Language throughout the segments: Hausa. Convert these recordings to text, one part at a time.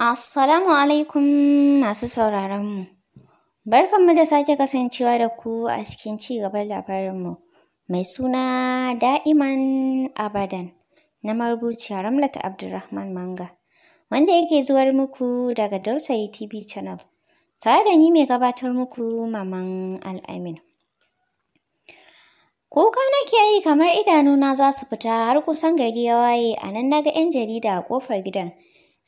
Assalamu alaikum masu sauraronmu. Barkanmu da sake kasancewa da ku a cikin ci gaban labarinmu mai suna da'iman abadan na marubuciya Ramlat Abdulrahman Manga wanda yake zuwar muku daga Dausayi TV channel tare da ni mai gabatar muku Maman Al'amin. Kuka nake yi kamar idanuna za su fita har kusan gari ya waye a nan na ga 'yan jarida a ƙofar gidan.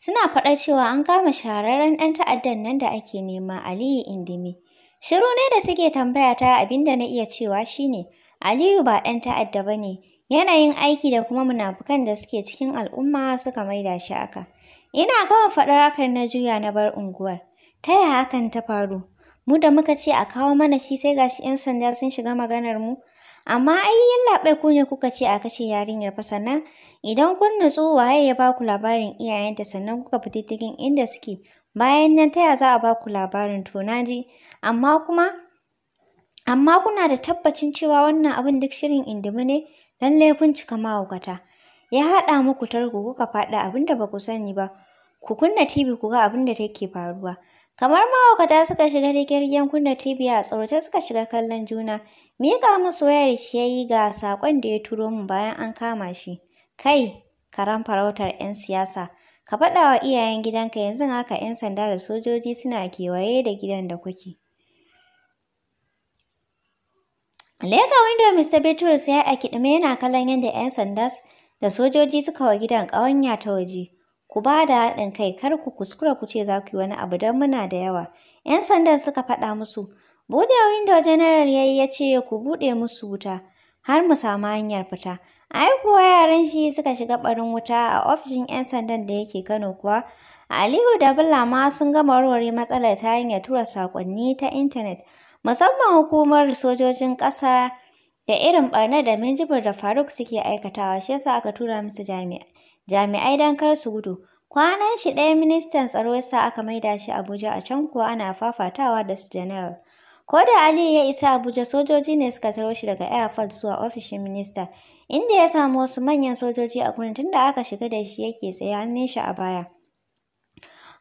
Suna faɗa cewa an kama shahararren ɗan ta'addan nan da ake nema Aliyu Indimi. Shiru ne da suke tambaya ta abinda na iya cewa shine Aliyu ba ɗan ta'adda ba ne. Yanayin aiki da kuma munafukan da suke cikin al'umma suka maida shi aka. Ina gama faɗar hakan na juya na bar unguwar. Ta yaya hakan ta faru? Mu da muka ce a kawo mana shi sai gashi 'yan sanda sun shiga maganar mu. Amma ai yallaɓe ku kunya kuka ce a kashe yarinyar fa sannan idan kun nutsu waye ya ba ku labarin iyayenta sannan kuka fita diddigin inda suke bayan nan taya za a ba ku labarin to naji amma kuma amma kuna da tabbacin cewa wannan abin duk shirin indimi ne lallai kun cika mahaukata. Ya haɗa muku tarko kuka faɗa abinda ba ku sani ba ku kunna TV ku ga abin take faruwa. Kamar mahaukata suka shiga rigirgen kunna tibiya a tsorace suka shiga kallon juna. Miƙa musu wayar shi ya yi ga saƙon da ya turo mu bayan an kama shi. Kai, karan farautar 'yan siyasa. Ka faɗa wa iyayen gidanka yanzu haka 'yan sanda da sojoji suna kewaye da gidan da kuke. Leka windo Mr. Bitrus ya a kiɗime yana kallon yadda 'yan sanda da sojoji suka wa gidan ƙawanya ta waje. ku ba da haɗin kai kar ku kuskura ku ce za ku yi wani abu don muna da yawa. 'Yan sandan suka faɗa musu, buɗe windo janaral ya yi ya ce ku buɗe musu wuta har mu samu hanyar fita. Ai kuwa yaran shi suka shiga barin wuta a ofishin 'yan sandan da yake Kano kuwa. Aliyu da Bulla ma sun gama warware matsalar ta hanyar tura saƙonni ta intanet, musamman hukumar sojojin ƙasa da irin ɓarnar da minjibir da Faruk suke aikatawa shi yasa aka tura musu jami'a. jami'ai don kar su gudu. Kwanan shi ɗaya ministan tsaro yasa aka maida shi Abuja a can kuwa ana fafatawa da su General. Ko da Aliyu ya isa Abuja sojoji ne suka taro shi daga airport zuwa ofishin minista, inda ya samu wasu manyan sojoji a gurin tunda aka shiga da shi yake tsaye hannun shi a baya.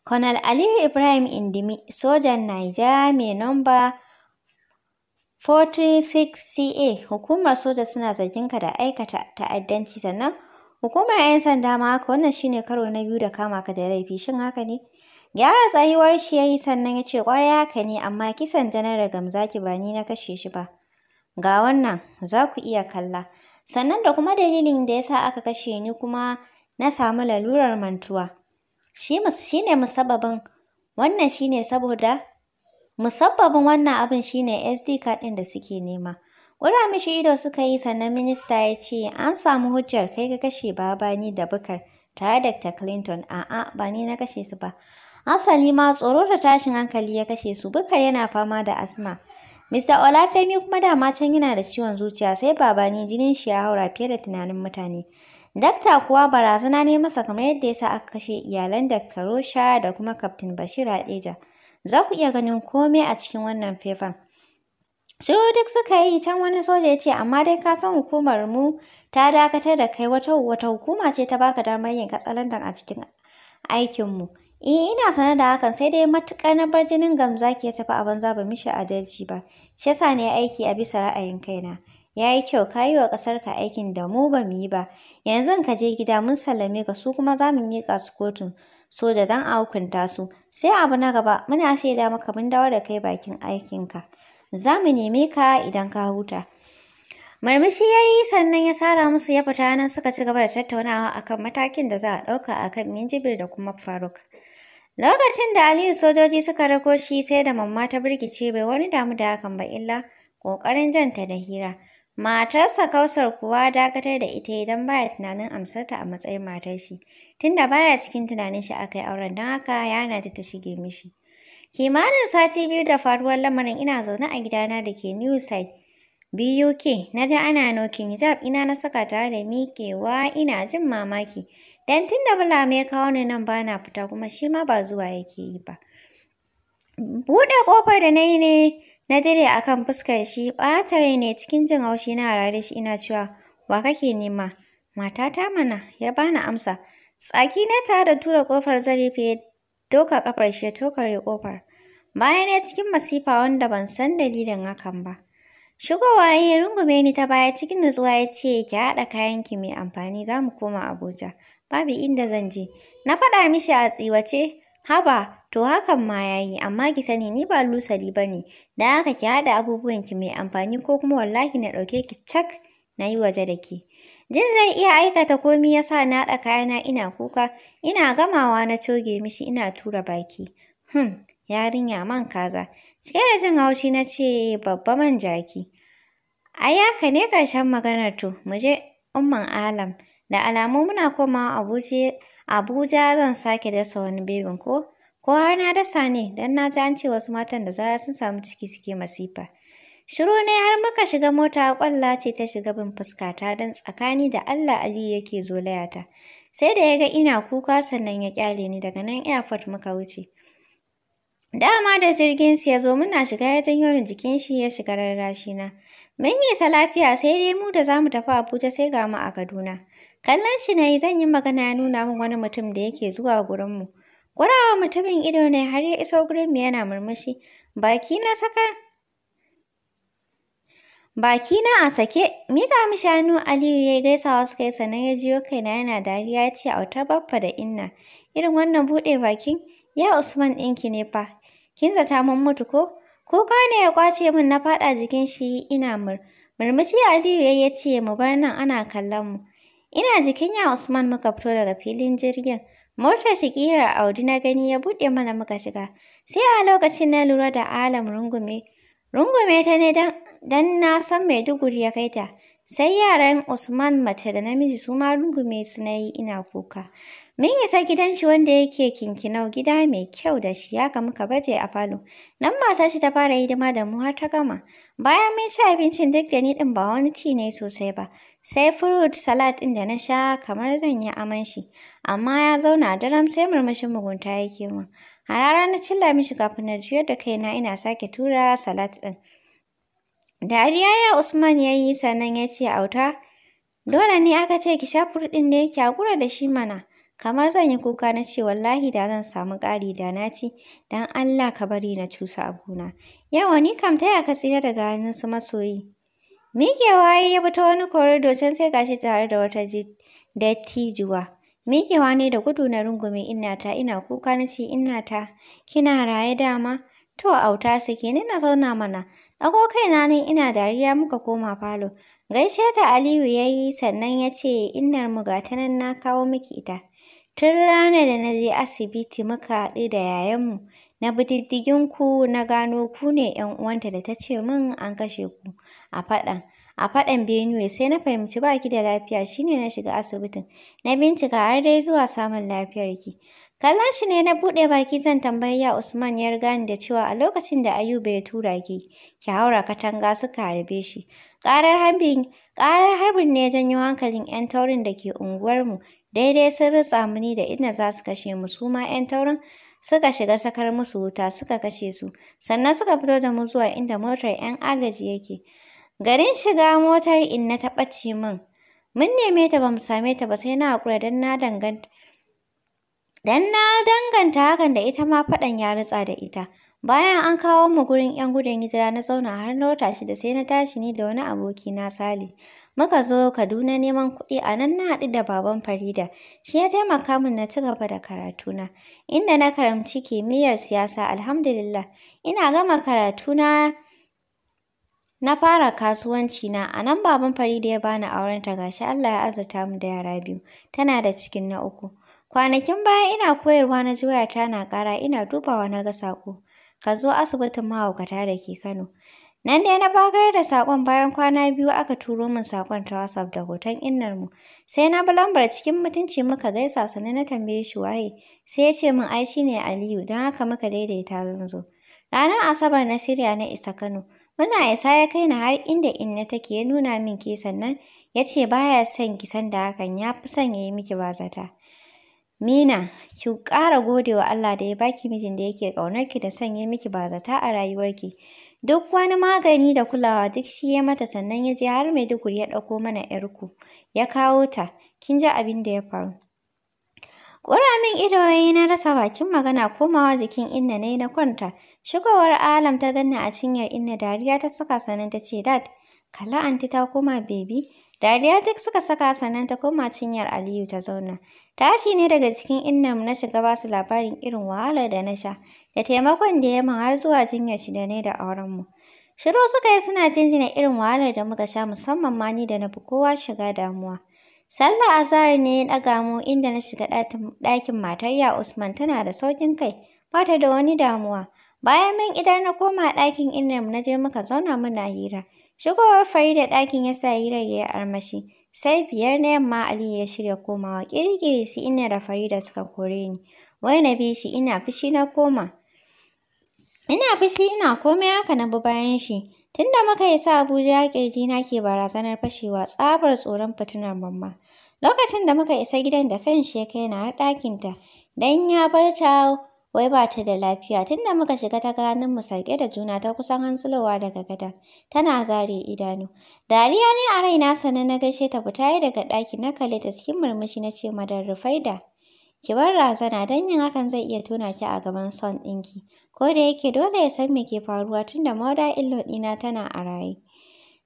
Colonel Aliyu Ibrahim Indimi, sojan Naija mai namba 436CA, hukumar soja suna zargin ka da aikata ta'addanci sannan Hukumar 'yan sanda ma haka wannan shine karo na biyu da kama ka da laifi shin haka ne? Gyara tsayuwar shi ya yi sannan ya ce ƙwarai haka ne amma kisan janaral Gamzaki ba ni na kashe shi ba. Ga wannan za ku iya kalla. Sannan da kuma dalilin da ya sa aka kashe ni kuma na samu lalurar mantuwa. Shi ne musabbabin wannan shine saboda musababin wannan abin shi SD card ɗin da suke nema. Wura mishi ido suka yi sannan minista ya ce an samu hujjar kai ga kashe babani da bukar tare da Dr. Clinton a'a ba ni na kashe su ba. Asali ma tsoro da tashin hankali ya kashe su bukar yana fama da asma. Mr. Olafemi kuma da macen yana da ciwon zuciya sai babani jinin shi ya haura fiye da tunanin mutane. Dakta kuwa barazana ne masa kamar yadda ya sa aka kashe iyalan Dakta Rosha da kuma Kaftin Bashir Hadeja. Za ku iya ganin komai a cikin wannan faifan. Shiru duk suka yi can wani soja ya ce amma dai ka san hukumar mu ta dakatar da kai wata wata hukuma ce ta baka damar yin katsalandan a cikin aikinmu. Eh ina sanar da hakan sai dai matuƙar na bar jinin zaki ya tafi a banza ba mishi adalci ba. Shi yasa ne aiki a bisa ra'ayin kaina. Ya yi kyau ka yi wa ka aikin da mu ba mu yi ba. Yanzu ka je gida mun sallame ka su kuma za mu miƙa su kotun soja don a hukunta su. Sai abu na gaba muna shaida maka mun dawo da kai bakin aikinka. za mu neme ka idan ka huta. Marmashi ya yi sannan ya sara musu ya fita nan suka ci gaba da tattaunawa akan matakin da za a ɗauka akan Minjibir da kuma Faruk. Lokacin da Aliyu sojoji suka rako shi sai da mamma ta birgice bai wani damu da hakan ba illa ƙoƙarin janta da hira. Matarsa Kausar kuwa dakatar da ita idan baya tunanin amsarta a matsayin matar shi, tunda baya cikin tunanin shi akai auren don haka yana ta shige mishi. Kimanin sati biyu da faruwar lamarin ina zaune a gidana da ke New Side, BUK, na ji ana nokin hijab ina na saka tare da miƙewa ina jin mamaki. Dan tun da bula ya kawo ni nan ba na fita kuma shi ma ba zuwa yake yi ba. Buɗe ƙofar da na yi ne na dire a kan fuskar shi Batare ne cikin jin haushi na harare shi ina cewa wa kake nema? Matata mana ya bani amsa. Tsaki na tare da tura ƙofar fiye. doka kafar shi ya rai kofar. Bayan ya cikin masifa wanda ban san dalilin hakan ba. Shigowa ya rungume ni ta baya cikin nutsuwa ya ce ki haɗa ki mai amfani za mu koma Abuja. Babu inda zan je. Na faɗa mishi a tsiwace, haba, to hakan ma ya yi, amma ki sani ni ba lusari ba ne, da haka ki haɗa ki mai amfani ko kuma wallahi na ɗauke ki cak na yi waje da ke. Jin zai iya aikata komi ya sa na haɗa kayana ina kuka, ina gamawa na coge mishi ina tura baki. Hmm, yarinya man kaza. Cike da jin haushi na ce babba man jaki. A ne ƙarshen maganar to, mu je umman alam. Da alamu muna komawa Abuja, zan sake dasa wani bebin ko? Ko har na dasa ne, don na ji an ce wasu matan da zara sun samu ciki suke masifa. Shiru ne har muka shiga mota ƙwalla ce ta shiga bin fuskata don tsakani da Allah Ali yake zolayata. Sai da ya ga ina kuka sannan ya ƙyale ni daga nan airport muka wuce. Dama da jirgin ya zo muna shiga ya janyo ni jikin shi ya shiga rarrashi na. Mun isa lafiya sai dai mu da zamu tafi Abuja sai ga mu a Kaduna. Kallon shi ne zan yi magana ya nuna min wani mutum da yake zuwa gurinmu. mu. mutumin ido ne har ya iso gurin mu yana murmushi. Baki na sakar Baki na a sake, miƙa mi shanu Aliyu ya yi gaisawa suka yi sannan ya jiyo kaina yana dariya ya ce autar baffa da inna. Irin wannan buɗe bakin, ya Usman ɗinki ne fa. Kin zata mun mutu ko? Kuka ne ya ƙwace mun na faɗa jikin shi ina mur. Murmushi Aliyu ya ce mu bar nan ana kallon mu. Ina jikin ya Usman muka fito daga filin jirgin. Motar shikirar Audi na gani ya buɗe mana muka shiga. Sai a lokacin na lura da alam rungume. Rungume ta ne dan na san Maiduguri ya kai ta. Sai yaran Usman mace da namiji su ma rungume su na yi ina kuka. Mun isa gidan shi wanda yake kinkinau gida mai kyau da shi ya kamu ka baje a falo. Nan mata shi ta fara hidima da mu har ta gama. Bayan mun ci abincin duk da ni din ba wani ci ne sosai ba. Sai fruit salad din da na sha kamar zan yi aman amma ya zauna a daren sai murmushin mugunta yake min. Harara na cilla mishi kafin na juyar da kaina ina sake tura salat ɗin. Dariya ya Usman ya yi sannan ya ce auta, dole ne aka ce ki sha furɗin ne ki haƙura da shi mana. Kamar zan yi kuka na ce wallahi da zan samu ƙari da na ci, don Allah ka bari na cusa abuna. Yawa ni kam taya ka tsira daga hannun su masoyi. Miƙewa ya bi ta wani korido can sai gashi tare da wata dattijuwa. Mikewa ne da gudu na rungume ta ina kuka na ce ta kina raye dama to auta suke ni na zauna mana ɗago kaina nan ina dariya muka koma falo gaishe ta Aliyu ya yi sannan ya ce innar mu ga ta nan na kawo miki ita tun rana da na je asibiti muka haɗu da yayanmu na bi ku na gano ku ne 'yan uwanta da ta ce min an kashe ku a faɗan a faɗan Benue sai na fahimci ba da lafiya shine na shiga asibitin. Na bincika har dai zuwa samun lafiyarki. Kallon shi ne na buɗe baki zan tambayi ya Usman ya riga da cewa a lokacin da Ayuba ya tura ki, ki haura katanga suka harbe shi. Ƙarar harbin, ƙarar harbin ne ya janyo hankalin 'yan taurin da ke unguwarmu, daidai sun rutsa muni da inda za su kashe mu su ma 'yan taurin suka shiga sakar musu wuta suka kashe su, sannan suka fito da mu zuwa inda motar 'yan agaji yake. Garin shiga motar in na taɓa ce min. Mun neme ta ba mu same ta ba sai na haƙura don na danganta. hakan da ita ma faɗan ya rutsa da ita. Bayan an kawo mu gurin 'yan gudun hijira na zauna har na wata shida sai na tashi ni da wani aboki na Sale. Muka zo Kaduna neman kuɗi a nan na haɗu da baban Farida. Shi ya taimaka min na ci gaba da karatuna. Inda na karamci kimiyyar siyasa alhamdulillah. Ina gama karatuna na fara kasuwanci na a nan baban da ya bani aurenta gashi Allah ya azurta mu da yara biyu tana da cikin na uku kwanakin baya ina koyarwa na juya ta na ƙara ina dubawa na ga saƙo ka zo asibitin mahaukata da ke Kano nan dai na bagar da saƙon bayan kwana biyu aka turo min saƙon ta WhatsApp da hoton innar mu sai na bi lambar cikin mutunci muka gaisa sannan na tambaye shi waye sai ya ce min ai shine Aliyu don haka muka daidaita zan zo ranar Asabar na shirya na isa Kano Muna isa ya kai ni har inda inna take ya nuna min ke sannan ya ce ba ya son ki san da hakan ya fi son ya yi miki bazata. Mina, ki ƙara gode wa Allah da ya baki mijin da yake ki da son ya miki bazata a rayuwarki. Duk wani magani da kulawa duk shi ya mata sannan ya je har Maiduguri ya ɗauko mana ‘yarku, ya kawo ta, kin ji abin da ya faru. Ƙuramin min na rasa bakin magana komawa jikin inna ne na kwanta. Shigowar alam ta ganna a cinyar inna dariya ta saka sannan ta ce dad. Kala anti ta koma baby. Dariya duk suka saka sannan ta koma cinyar Aliyu ta zauna. Tashi ne daga cikin innar na shiga basu labarin irin wahalar da na sha da taimakon da ya min har zuwa jinyar shi da ne da aurenmu. Shiru suka yi suna jinjina irin wahalar da muka sha musamman ma ni da na fi kowa shiga damuwa. Sallah azahar ne ya ɗaga mu inda na shiga ɗakin matar ya Usman tana da sauƙin kai, ba ta da wani damuwa. Bayan min idan na koma ɗakin Inam na je muka zauna muna hira. Shigowar da ɗakin ya sa hirar ya yi armashi. Sai biyar na yamma Aliyu ya shirya komawa ƙirƙiri su ina da fari da suka kore ni. Wai na bi shi ina fushi na koma. Ina fushi ina komai haka na bi bayan shi. Tunda muka isa Abuja kirji na ke barazanar fashewa tsabar tsoron fitinar mamma. Lokacin da muka isa gidan da kanshi ya kai na har ɗakinta don ya bar ta wai ba ta da lafiya tunda muka shiga ta ganin mu sarke da juna ta kusan hantsilowa daga gada tana zare idanu. Dariya ne a raina sannan na gaishe ta fita daga ɗakin, na kalle ta cikin murmushi na ce madar Rufaida. ki bar razana dan yin hakan zai iya tona ki a gaban son ɗinki ko da yake dole ya san me ke faruwa tunda mother in-law ɗina tana a raye.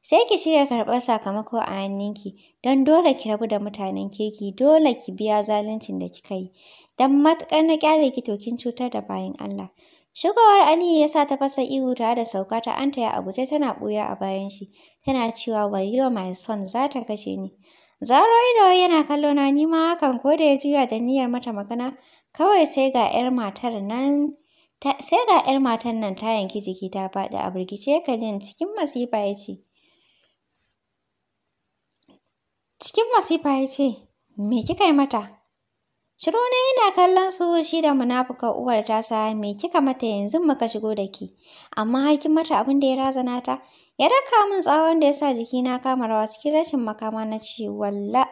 Sai ki shirya karɓar sakamako a hannunki don dole ki rabu da mutanen kirki dole ki biya zaluncin da kika yi. Don matuƙar na ƙyale ki to kin cutar da bayan Allah. Shigowar Aliyu ya sa ta fasa ihu tare da sauka ta taya a guje tana ɓuya a bayan shi, tana cewa wayo my son za ta kashe ni. Zaro ido yana kallo na nima hakan ko da ya juya da niyyar mata magana, kawai sai ga 'yar matar nan sai ga 'yar matan nan ta yanki jiki ta faɗi a birgice kalin cikin masifa ya ce cikin masifa ya ce me kika yi mata shiro ne yana kallon su shi da munafuka uwar sa me kika mata yanzu muka shigo da ke amma har mata abin da ya razana ta ya raka min tsawon da ya sa jikina kama rawa cikin rashin makama na ce walla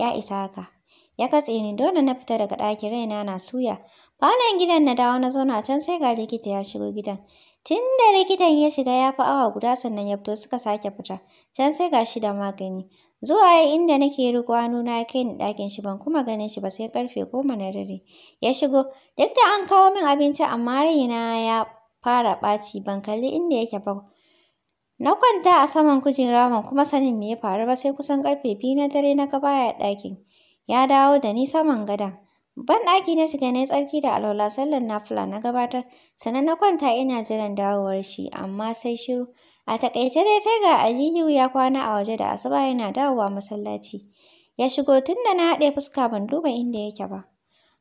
ya isa haka ya katse ni dole na fita daga ɗaki raina na suya. Falon gidan na dawo na zauna can sai ga likita ya shigo gidan. Tun da likitan ya shiga ya fi awa guda sannan ya fito suka sake fita. Can sai ga shi da magani. Zuwa ya inda nake riƙo nuna ya kai ni dakin shi ban kuma ganin shi ba sai karfe goma na dare. Ya shigo duk da an kawo min abinci amma raina ya fara ɓaci ban kalli inda yake ba. Na kwanta a saman kujera ban kuma sanin me ya faru ba sai kusan karfe biyu na dare na ga baya ɗakin. ya dawo da ni saman Ban ɗaki na shiga na tsarki da alwala sallar fula na gabatar, sannan na kwanta ina jiran dawowar shi, amma sai shiru. A taƙaice dai sai ga Aliyu ya kwana a waje da asuba yana dawowa masallaci. Ya shigo tun da na haɗe fuska ban duba inda yake ba.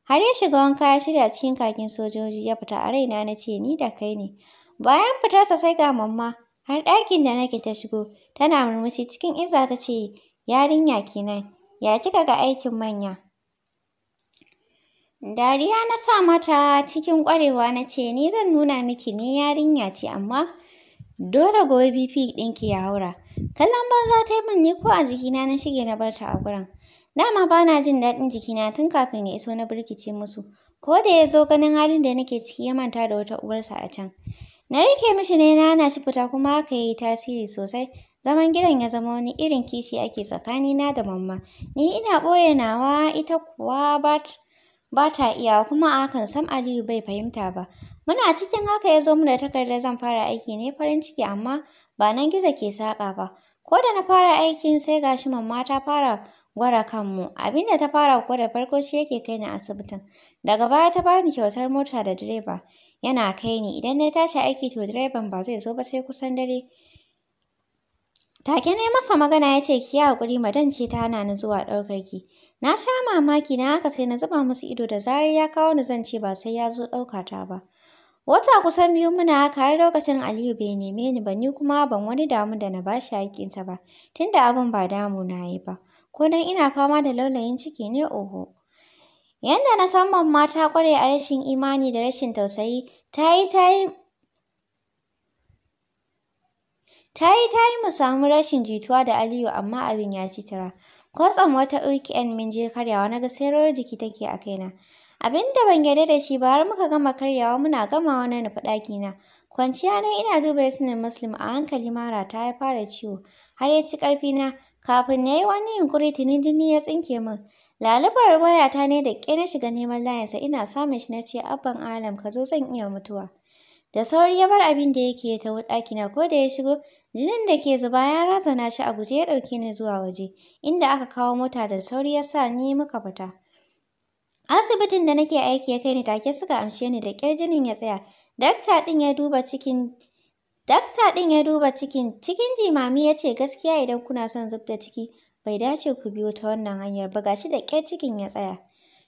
Har ya shiga wanka ya shirya cikin kakin sojoji ya fita a raina na ce ni da kai ne. Bayan fitarsa sai ga mamma har ɗakin da nake ta shigo tana murmushi cikin iza ta ce yarinya kenan. ya kika ga aikin manya? Dariya na sa mata cikin ƙwarewa na ce ni zan nuna miki ni yarinya ce amma dole gobe BP ɗinki ya haura. Kallon banza ta yi min ni ko a jikina na shige na barta a gurin. Dama ba na jin daɗin jikina tun kafin ya iso na birkice musu. Ko da ya zo ganin halin da nake ciki ya manta da wata uwarsa a can. Na rike mishi ne na hana shi fita kuma haka ya yi tasiri sosai Zaman gidan ya zama wani irin kishi ake tsakanina da mamma. Ni ina ɓoye nawa ita kuwa ba ta iya kuma a kan sam Aliyu bai fahimta ba. Muna cikin haka ya zo mu da takardar zan fara aiki ne farin ciki amma ba nan gizo ke saƙa ba. Ko da na fara aikin sai gashi mamma ta fara gwara kanmu. Abinda ta fara gwada, farko shi yake kai ni asibitin. Daga baya ta bani kyautar mota da direba. Yana kai ni idan na tashi aiki to direban ba zai zo ba sai kusan dare. Take ne masa magana ya ce ki yi haƙuri madan ce ta hana ni zuwa ɗaukar ki. Na sha mamaki na haka sai na zuba musu ido da zarar ya kawo ni zan ce ba sai ya zo ɗauka ta ba. Wata kusan biyu muna haka har lokacin Aliyu bai neme ni ba ni kuma ban wani damu da na bashi haƙƙinsa ba tunda abin ba damu na yi ba. Ko dan ina fama da laulayin ciki ne oho. Yanda na san mamma ta ƙware a rashin imani da rashin tausayi ta yi ta yi Ta yi ta yi mu samu rashin jituwa da Aliyu amma abin ya ci tara. Kwatsam wata UKN min je karyawa na ga sayarwar jiki take a kaina. Abin da ban yarda da shi ba har muka gama karyawa muna gama na nufi na Kwanciya na ina duba Yasmin Muslim a hankali mara ta ya fara ciwo har ya ci na kafin ya yi wani yunƙuri tuni jini ya tsinke min. Lalubar waya ta ne da ƙe na shiga neman layinsa ina samun shi na ce abban alam ka zo zan iya mutuwa. Da sauri ya bar abin da yake ya taho ɗakina ko da ya shigo Jinin da ke zuba ya razana shi a guje ya ɗauke ni zuwa waje, inda aka kawo mota da sauri ya sa ni muka fita. Asibitin da nake aiki ya kai ni take suka amshe ni da ƙyar jinin ya tsaya. Dakta ɗin ya duba cikin Dakta ɗin ya duba cikin cikin jimami ya ce gaskiya idan kuna son zub da ciki bai dace ku biyo ta wannan hanyar ba gashi da kyar cikin ya tsaya.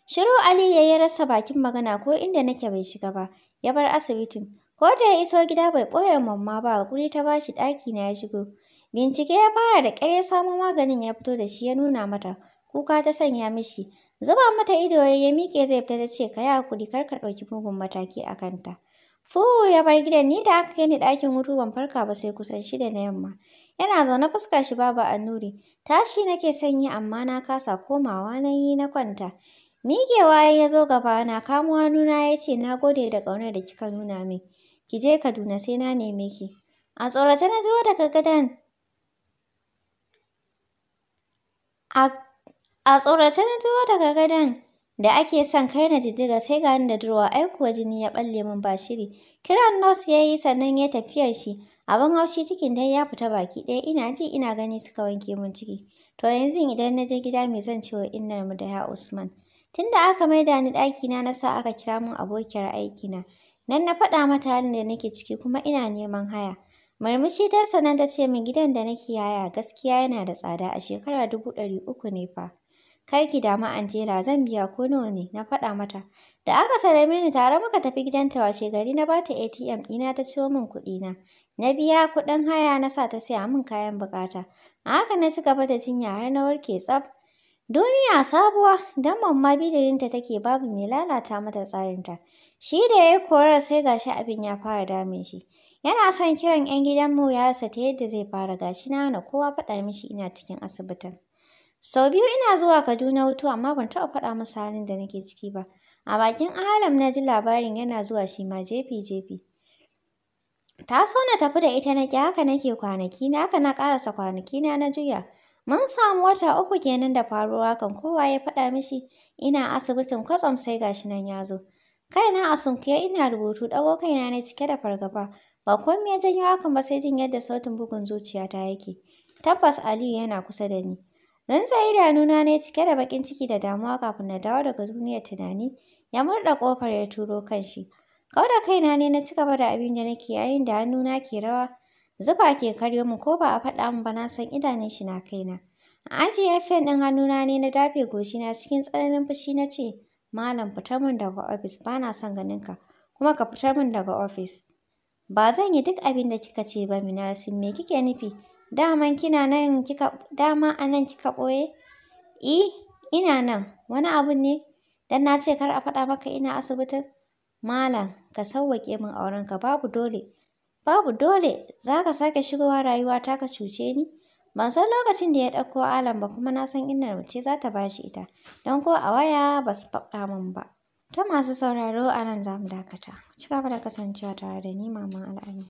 Shiru Ali ya yi rasa bakin magana ko inda nake bai shiga ba, ya bar asibitin. Ko da ya iso gida bai ɓoye mamma ba, guri ta bashi ɗaki na ya shigo. Bincike ya fara da ƙyar ya samo maganin ya fito da shi ya nuna mata, kuka ta sanya mishi. Zuba mata ido ya miƙe zai fita ta ce ka yi hakuri kar ka ɗauki mugun mataki a kanta. Fuhu ya bar gidan ni da aka kaini ɗakin hutu ban farka ba sai kusan shida na yamma. Yana zaune fuskar shi babu annuri. Tashi nake sanyi amma na kasa komawa na yi na kwanta. Miƙewa ya zo gaba na kamuwa hannuna ya ce na gode da ƙaunar da kika nuna min. Ki je Kaduna sai na neme ki. A tsorace na zuwa daga gadon. A tsorace na zuwa daga gadan da ake son kai na jijjiga sai ga da durowa ai kuwa jini ya balle min ba shiri kiran nos ya yi sannan ya tafiyar shi abin haushi cikin dai ya fita baki ɗaya ina ji ina gani suka wanke mun ciki to yanzu idan na je gida me zan ce wa innar mu da ya usman tunda aka maida ni ɗakina na sa aka kira mun abokiyar aikina Nan na faɗa mata halin da nake ciki kuma ina neman haya. murmushi ta sanar ta ce min gidan da nake haya gaskiya yana da tsada a shekara dubu ɗari uku ne fa. Kar ki damu Angela zan biya ko nawa ne na faɗa mata. Da aka salame ni tare muka tafi gidanta washe gari na bata ATM ɗina ta ciwo min kuɗi Na na biya kuɗin haya na sa ta saya min kayan bukata. A haka na ci gaba da jinya har na warke tsaf. Duniya sabuwa, don mamma bidirinta take babu mai lalata mata tsarinta. Shi da ya yi korar sai gashi abin ya fara damun shi. Yana son kiran 'yan gidanmu ya rasa ta yadda zai fara gashi na hana kowa faɗa mishi ina cikin asibitin. Sau biyu ina zuwa Kaduna wutu amma ban taɓa faɗa masa halin da nake ciki ba. A bakin alam na ji labarin yana zuwa shi ma jefi-jefi. Ta so na tafi da ita na ki haka nake kwanaki na haka na ƙarasa kwanaki na na juya. Mun samu wata uku kenan da faruwa kan kowa ya faɗa mishi ina asibitin kwatsam sai gashi nan ya zo. Kaina a sunkuye ina rubutu ɗago kaina na cike da fargaba. Ba komai ya janyo hakan ba sai jin yadda sautin bugun zuciyata yake. Tabbas Aliyu yana kusa da ni. Rantsa idanuna ne cike da bakin ciki da damuwa kafin na dawo daga duniyar tunani. Ya murɗa kofar ya turo kanshi. Kau da kaina ne na ci gaba da abin da nake yayin da hannuna ke rawa. Zufa ke karyo mu ko ba a faɗa min ba na san idanun shi na kaina. A ajiye fen ɗin hannuna ne na dafe goshi na cikin tsananin fushi na ce, Malam fitar min daga ofis ba na son ganin ka, kuma ka fitar min daga ofis. Ba zan yi duk abin da kika ce ba Minarsin me kike nufi? Daman kina nan kika dama a kika boye I, eh, ina nan, wani abu ne? Dan na ce kar a faɗa maka ina asibitin? Malam, ka sauwaƙe min aurenka babu dole. Babu dole, za ka sake shigowa rayuwata ka cuce ni? Ban san lokacin da ya ɗauko alam ba kuma na san inda mace za ta bashi ita, don ko a waya ba su faɗa min ba. Ta masu sauraro a nan za mu dakata. Ku ci da kasancewa tare da ni Maman al'adu.